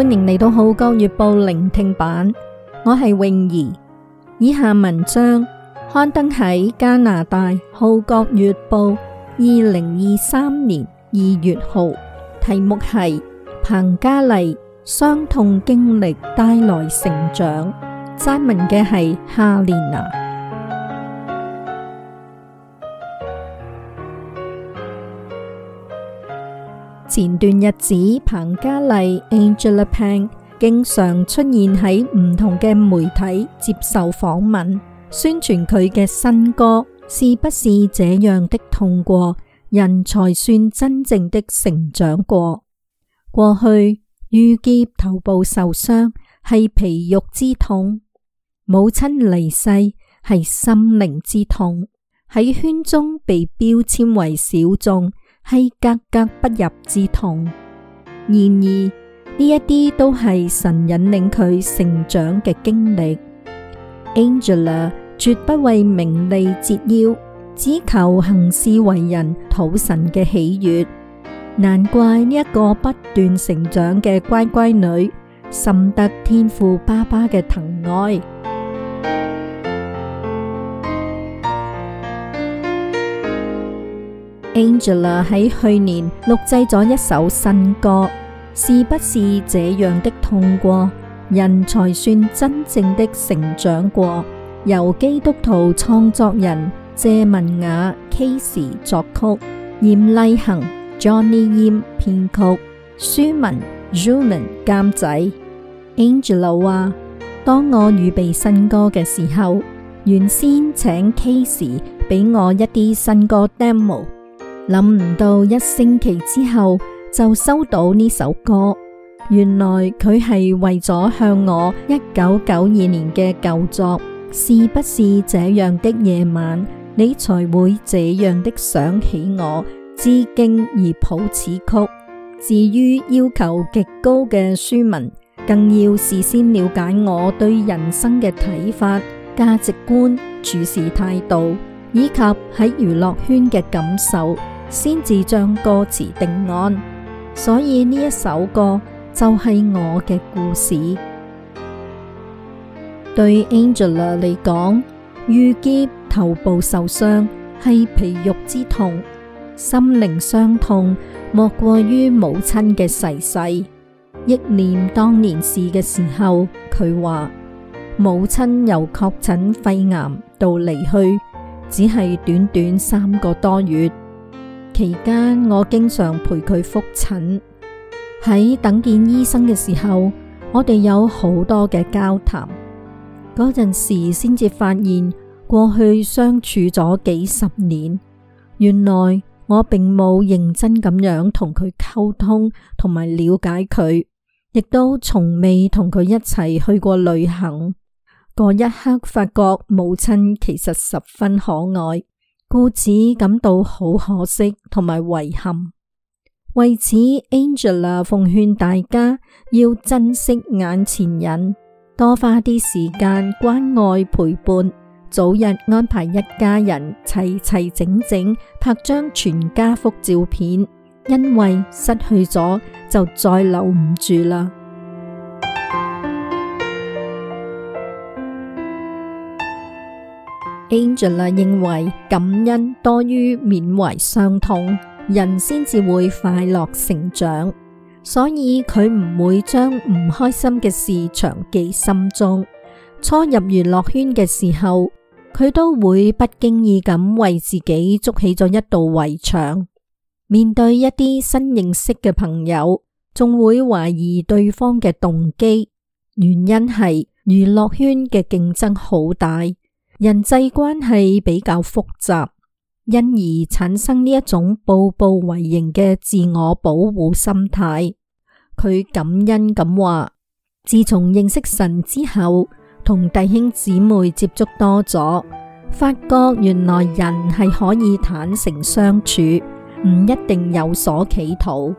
歡迎嚟到《號角月報》聆聽版，我係泳儀。以下文章刊登喺加拿大《號角月報》二零二三年二月號，題目係彭家麗傷痛經歷帶來成長。撰文嘅係夏蓮娜。前段日子，彭家麗 Angela Pang 經常出現喺唔同嘅媒體接受訪問，宣傳佢嘅新歌。是不是這樣的痛過，人才算真正的成長過？過去遇劫頭部受傷係皮肉之痛，母親離世係心靈之痛，喺圈中被標籤為小眾。係格格不入之痛，然而呢一啲都係神引領佢成長嘅經歷。Angela 絕不為名利折腰，只求行事為人討神嘅喜悅。難怪呢一個不斷成長嘅乖乖女，深得天父爸爸嘅疼愛。Angela 喺去年錄製咗一首新歌，是不是這樣的痛過，人才算真正的成長過？由基督徒創作人謝文雅 Casey 作曲，嚴勵行 Johnny Yim 編曲，舒文 Zuman 監製。Angela 話：當我預備新歌嘅時候，原先請 Casey 俾我一啲新歌 demo。諗唔到一星期之後就收到呢首歌，原來佢係為咗向我一九九二年嘅舊作《是不是這樣的夜晚》，你才會這樣的想起我致敬而譜此曲。至於要求極高嘅書文，更要事先了解我對人生嘅睇法、價值觀、處事態度，以及喺娛樂圈嘅感受。先至將歌詞定案，所以呢一首歌就係我嘅故事。對 Angela 嚟講，遇劫頭部受傷係皮肉之痛，心靈傷痛莫過於母親嘅逝世。憶念當年事嘅時候，佢話母親由確診肺癌到離去，只係短短三個多月。期間我經常陪佢復診，喺等見醫生嘅時候，我哋有好多嘅交談。嗰陣時先至發現，過去相處咗幾十年，原來我並冇認真咁樣同佢溝通，同埋了解佢，亦都從未同佢一齊去過旅行。嗰一刻發覺母親其實十分可愛。故此感到好可惜同埋遺憾，為此 Angela 奉勸大家要珍惜眼前人，多花啲時間關愛陪伴，早日安排一家人齊齊整整拍張全家福照片，因為失去咗就再留唔住啦。Angela 認為感恩多於緬懷傷痛，人先至會快樂成長。所以佢唔會將唔開心嘅事長記心中。初入娛樂圈嘅時候，佢都會不經意咁為自己築起咗一道圍牆。面對一啲新認識嘅朋友，仲會懷疑對方嘅動機。原因係娛樂圈嘅競爭好大。人際關係比較複雜，因而產生呢一種步步為營嘅自我保護心態。佢感恩咁話：自從認識神之後，同弟兄姊妹接觸多咗，發覺原來人係可以坦誠相處，唔一定有所企圖，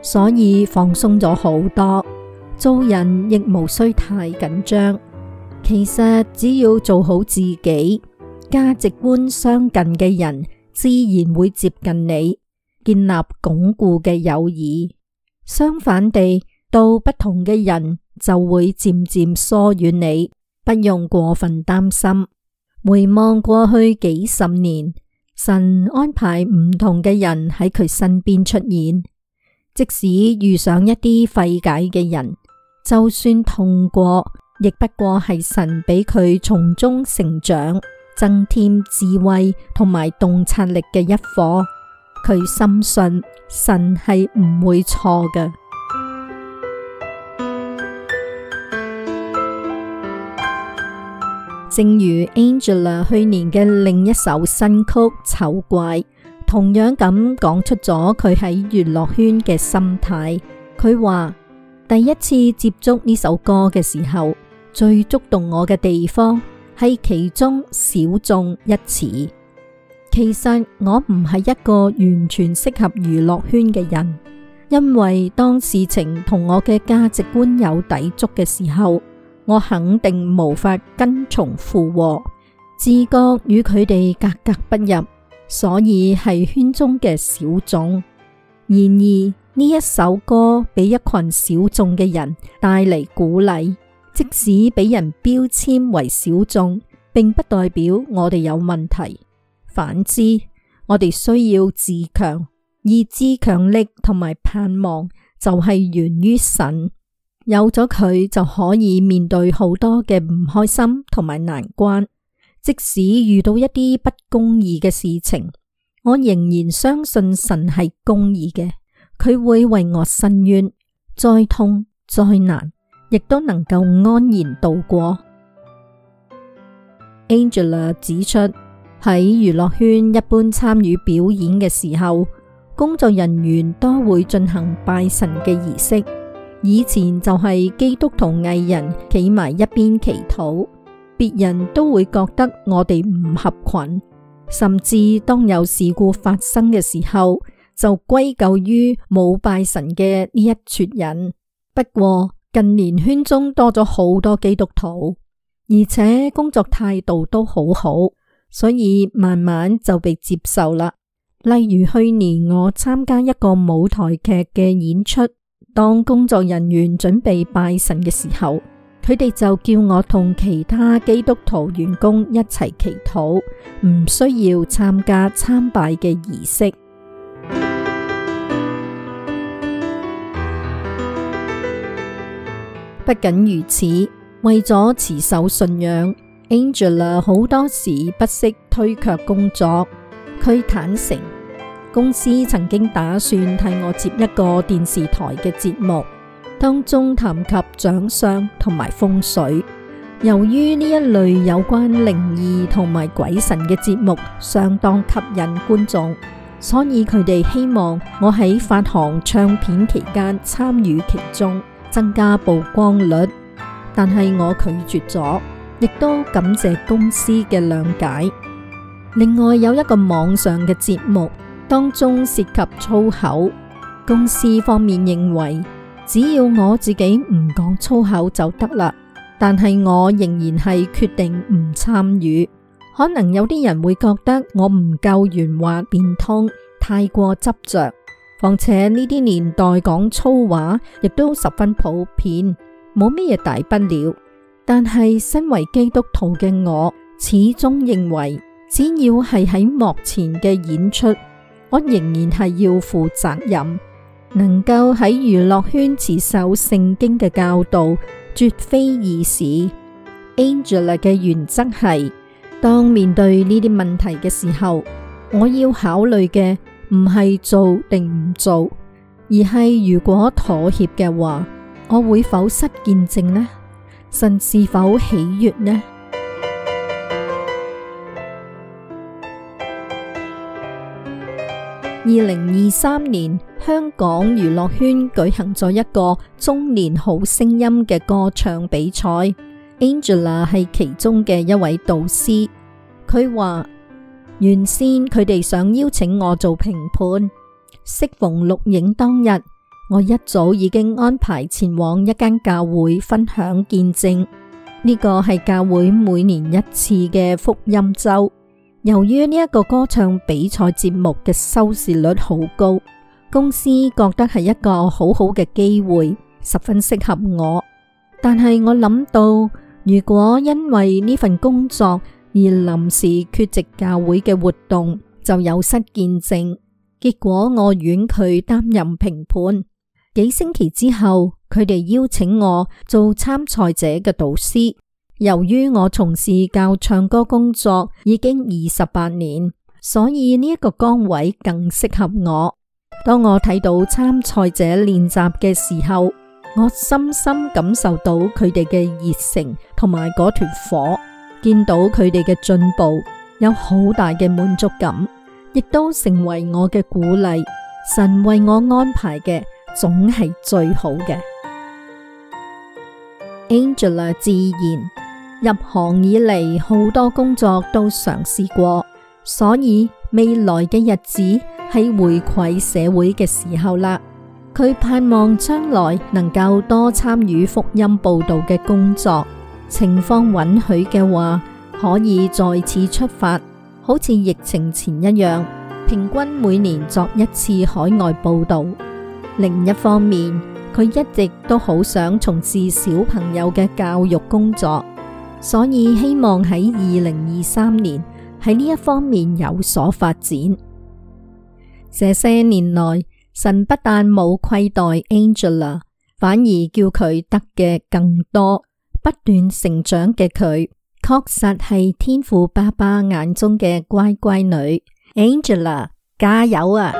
所以放鬆咗好多。做人亦無需太緊張。其實只要做好自己，價值觀相近嘅人自然會接近你，建立鞏固嘅友誼。相反地，到不同嘅人就會漸漸疏遠你，不用過分擔心。回望過去幾十年，神安排唔同嘅人喺佢身邊出現，即使遇上一啲費解嘅人，就算痛過。亦不過係神俾佢從中成長、增添智慧同埋洞察力嘅一課。佢深信神係唔會錯嘅。正如 Angela 去年嘅另一首新曲《醜怪》，同樣咁講出咗佢喺娛樂圈嘅心態。佢話第一次接觸呢首歌嘅時候，最觸動我嘅地方係其中小眾一詞。其實我唔係一個完全適合娛樂圈嘅人，因為當事情同我嘅價值觀有抵觸嘅時候，我肯定無法跟從附和，自覺與佢哋格格不入，所以係圈中嘅小眾。然而呢一首歌俾一群小眾嘅人帶嚟鼓勵。即使俾人標籤為小眾，並不代表我哋有問題。反之，我哋需要自強，意志強力同埋盼望就係源於神。有咗佢就可以面對好多嘅唔開心同埋難關。即使遇到一啲不公義嘅事情，我仍然相信神係公義嘅，佢會為我伸冤，再痛再難。亦都能夠安然度過。Angela 指出，喺娛樂圈一般參與表演嘅時候，工作人員都會進行拜神嘅儀式。以前就係基督徒藝人企埋一邊祈禱，別人都會覺得我哋唔合群，甚至當有事故發生嘅時候，就歸咎於冇拜神嘅呢一撮人。不過，近年圈中多咗好多基督徒，而且工作態度都好好，所以慢慢就被接受啦。例如去年我參加一個舞台劇嘅演出，當工作人員準備拜神嘅時候，佢哋就叫我同其他基督徒員工一齊祈禱，唔需要參加參拜嘅儀式。不僅如此，為咗持守信仰，Angela 好多時不惜推卻工作。佢坦承，公司曾經打算替我接一個電視台嘅節目，當中談及掌相同埋風水。由於呢一類有關靈異同埋鬼神嘅節目相當吸引觀眾，所以佢哋希望我喺發行唱片期間參與其中。增加曝光率，但係我拒絕咗，亦都感謝公司嘅諒解。另外，有一個網上嘅節目當中涉及粗口，公司方面認為只要我自己唔講粗口就得啦，但係我仍然係決定唔參與。可能有啲人會覺得我唔夠圓滑，變通，太過執着。況且呢啲年代講粗話亦都十分普遍，冇咩嘢，大不了。但係身為基督徒嘅我，始終認為，只要係喺幕前嘅演出，我仍然係要負責任。能夠喺娛樂圈持守聖經嘅教導，絕非易事。Angela 嘅原則係，當面對呢啲問題嘅時候，我要考慮嘅。唔係做定唔做，而係如果妥協嘅話，我會否失見證呢？神是否喜悅呢？二零二三年香港娛樂圈舉行咗一個中年好聲音嘅歌唱比賽，Angela 係其中嘅一位導師，佢話：原先佢哋想邀請我做評判，適逢錄影當日，我一早已經安排前往一間教會分享見證。呢個係教會每年一次嘅福音周。由於呢一個歌唱比賽節目嘅收視率好高，公司覺得係一個好好嘅機會，十分適合我。但係我諗到，如果因為呢份工作，而臨時缺席教會嘅活動就有失見證，結果我婉拒擔任評判。幾星期之後，佢哋邀請我做參賽者嘅導師。由於我從事教唱歌工作已經二十八年，所以呢一個崗位更適合我。當我睇到參賽者練習嘅時候，我深深感受到佢哋嘅熱誠同埋嗰團火。見到佢哋嘅進步，有好大嘅滿足感，亦都成為我嘅鼓勵。神為我安排嘅，總係最好嘅。Angela 自言入行以嚟好多工作都嘗試過，所以未來嘅日子係回饋社會嘅時候啦。佢盼望將來能夠多參與福音報道嘅工作。情況允許嘅話，可以再次出發，好似疫情前一樣，平均每年作一次海外報道。另一方面，佢一直都好想從事小朋友嘅教育工作，所以希望喺二零二三年喺呢一方面有所發展。這些年來，神不但冇虧待 Angela，反而叫佢得嘅更多。不斷成長嘅佢，確實係天父爸爸眼中嘅乖乖女。Angela，加油啊！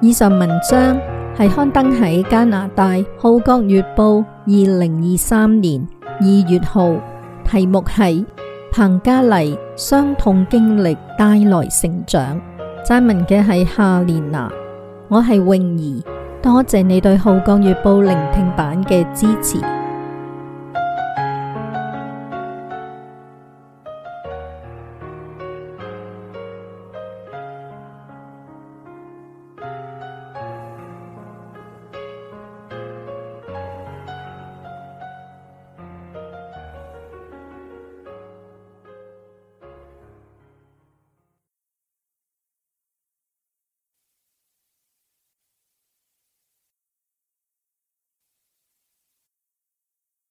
以上文章係刊登喺加拿大《浩國月報》二零二三年二月號，題目係彭家麗傷痛經歷帶來成長。撰文嘅係夏蓮娜。我係泳兒，多謝你對號角月報聆聽版嘅支持。